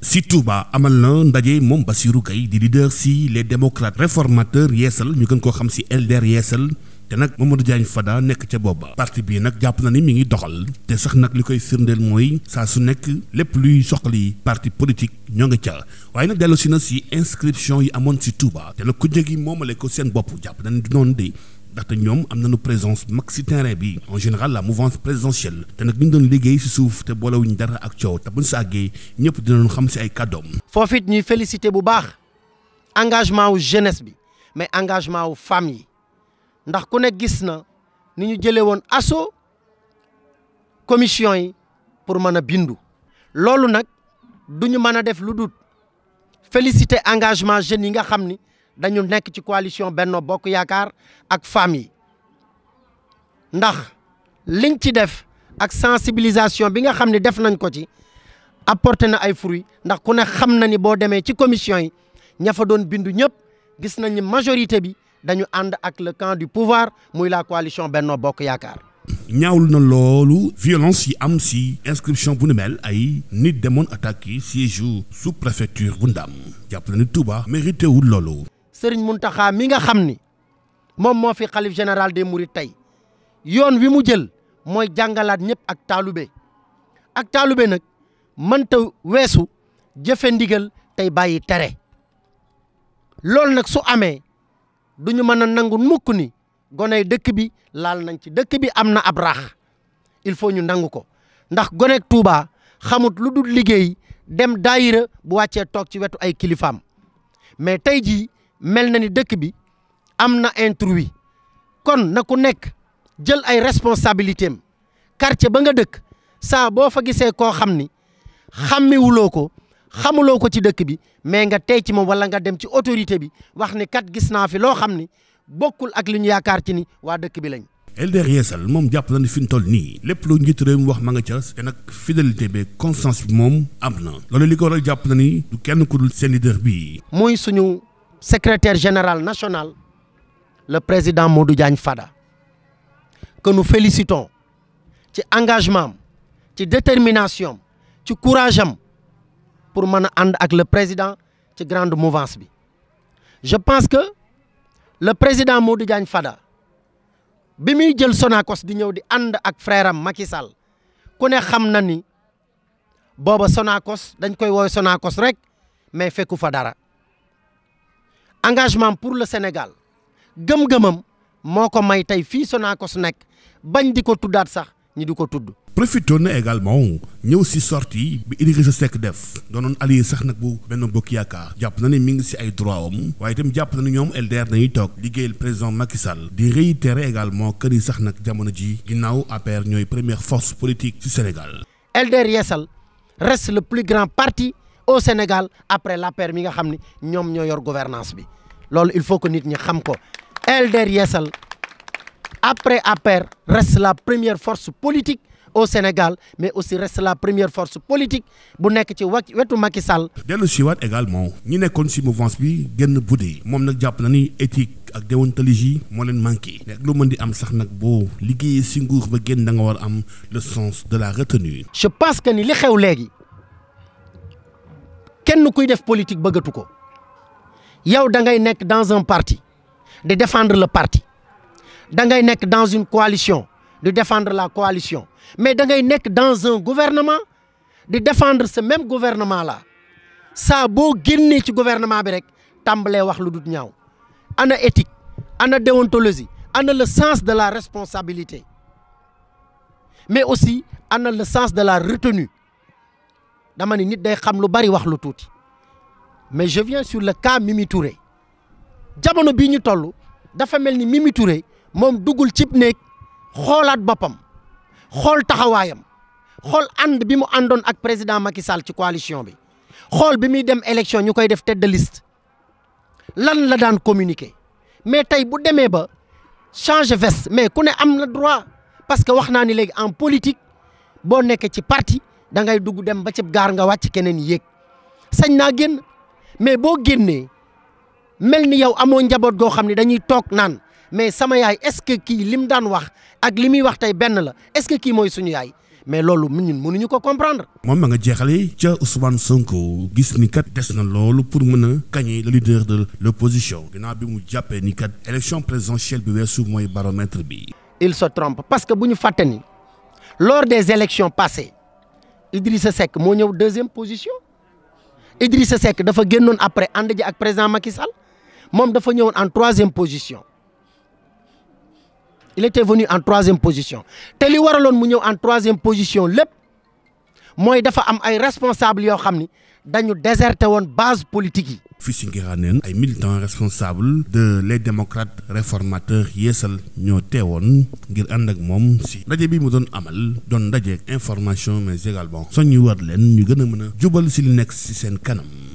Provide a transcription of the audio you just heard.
si Touba amal na ndaje moom Bassirou Gueye di leader si les démocrates réformateurs yeesal ñu gën koo xam si LDR yeesal te nag moom Mamadou Diagne Fada nekk ca booba parti bii nag jàpp na ni mi ngi doxal te sax nag li koy firndeel mooy saa su nekk lépp luy soxli parti politique ñoo ngi ca waaye nag dellu si na si inscription yi amoon si Touba te nag ku njëg yi moomale ko seen bopp jàpp na ni du noonu de ndaxte ñoom am nañu présence mag ci terrain bi en général la mouvance présidentielle te nag ñu doon liggéey ci suuf te boole boolewuñ dara ak coow te buñ sàggee ñëpp dinañ xam ci ay kàddoom. foofu it ñuy félicité bu baax engagement wu jeunesse bi mais engagement wu femme yi ndax ku nekk gis na ni ñu jëlee woon asso commission yi pour mën a bindu. loolu nag du ñu mën a def lu dul félicité engagement jeunes yi nga xam ni. dañu nekk ci coalition Benno Bokk Yaakaar ak femmes ndax liñ ci def ak sensibilisation bi nga xam ne def nañ ko ci apporté na ay fruits ndax ku ne xam na ni boo demee ci commission yi ña fa doon bindu ñëpp gis nañ ni majorité bi dañu ànd ak le camp du pouvoir muy la coalition Benno Bokk Yaakaar. ñaawlu na loolu violence yi am si inscription bu nu mel ay nit demoon attaque yi siège sous préfecture bu Ndam jàpp na ni Touba mérité wul loolu. Serigne Mountakha mi nga xam ni moom moo fi xalif général des Mourides tey yoon wi mu jël mooy jàngalaat ñëpp ak taalube ak taalube nag mënta weesu jëfe ndigal tey bàyyi tere loolu nag su amee du ñu mën a nangu mukk ni goney dëkk bi laal nañ ci dëkk bi am na ab rax il faut ñu nangu ko ndax gonek tuuba xamut lu dul liggéey dem daayira bu wàccee toog ci wetu ay kilifaam mais tey jii mel na ni dëkk bi am na intrus kon na ku nekk jël ay responsabilité am quartier ba nga dëkk saa boo fa gisee koo xam ni xàmmiwuloo ko xamuloo ko ci dëkk bi mais nga tey ci moom wala nga dem ci autorité bi wax ni kat gis naa fi loo xam ni bokkul ak li ñu yaakaar ci ni waa dëkk bi lañ. LDR Yeesal moom jàpp na ni fi mu toll nii lépp lu njiitu réew mi wax ma nga ca te nag fidélité bi constance bi moom am na loolu li ko waral jàpp na ni du kenn ku dul seen bii. secrétaire général national, le président Modou Diagne Fada, que nu félicitons ci engagement ci détermination ci courage am pour mën a ànd ak le président ci grande mouvance bi je pense que le président Modou Diagne Fada bi muy jël Sonacos di ñëw di ànd ak frère am Sall ku ne xam na ni booba Sonacos dañ koy woowe Sonacos rek mais fekku fa dara engagement pour le Sénégal gëm-gëmam moo ko may tey fii Sonacos nekk bañ di ko tuddaat sax ñi di ko tudd. profitoon na également ñëw si sortie bi Idrissa Seck def doonoon allié sax nag bu benn bokk yaakaar jàpp na ne mi ngi si ay droit am waaye itam jàpp na ne ñoom na dañuy toog liggéeyal président Macky Sall di réitérer également kër yi sax nag jamono ji ginnaaw APR ñooy première force politique ci Sénégal. LDR Yeesal reste le plus grand au Sénégal après l'APR mi nga xam ni ñoom ñoo yor gouvernance bi loolu il faut que nit ñi xam ko LDR Yeesal après APR reste la première force politique au Sénégal mais aussi reste la première force politique bu nekk ci wa wetu Macky Sall. dellu siwaat également ñi nekkoon si mouvance bi génn buddi moom nag jàpp na ni éthique ak déontologie moo leen manqué. mais lu mën di am sax nag boo liggéeyee si nguur ba génn da nga war am le sens de la retenue. je pense que ni li xew léegi. kenn kuy def politique bëggatu ko yow da ngay nekk dans un parti de défendre le parti da ngay nekk dans une coalition de défendre la coalition mais da ngay nekk dans un gouvernement de défendre ce même gouvernement la saa boo génnee ci gouvernement bi rek tàmbalee wax lu dut ñaaw ana éthique ana déontologie ana le sens de la responsabilité mais aussi ana le sens de la retenue dama ni nit day xam lu bari wax lu tuuti mais je viens sur le cas Mimi Touré jamono bii ñu toll dafa mel ni Mimi Touré moom duggul cib néeg xoolaat boppam xool taxawaayam xool ànd bi mu àndoon ak président Macky Sall ci coalition bi xool bi muy dem élection ñu koy def tête de lan la daan communiquer mais tey bu demee ba changer veste mais ku ne am na droit parce que wax naa ni léegi en politique boo nekkee ci parti da ngay dugg dem ba ci gaar nga wàcc keneen yéeg sañ naa génn mais boo génnee mel ni yow amoo njaboot goo xam ne dañuy toog naan mais sama yaay est-ce que kii li mu daan wax ak li muy wax tey benn la est-ce que kii mooy suñu yaay mais loolu mu ñun mënuñu ko comprendre. moom ma nga jeexale ca Ousmane Sonko gis ni kat des na loolu pour mën a gagner le leader de l'opposition ginnaaw bi mu jàppee ni kat élection présidentielle bi weesu mooy baromètre bi. il se trompe parce que bu ñu fàtte ni lors des élections passées. Idrissa Seck moo ñëw deuxième position Idrissa Seck dafa génnoon après ànd ji ak président Macky Sall moom dafa ñëwoon en troisième position il était venu en troisième position te li waraloon mu ñëw en troisième position lépp mooy dafa am ay responsable yoo xam ni dañu déserté woon base politique yi. fii si neen ay militants responsables de les démocrates réformateurs yeesal ñoo teewoon ngir ànd ak moom si ndaje bi mu doon amal doon ndaje information mais également soññu war leen ñu gën a mën a jubal si li nekk si seen kanam.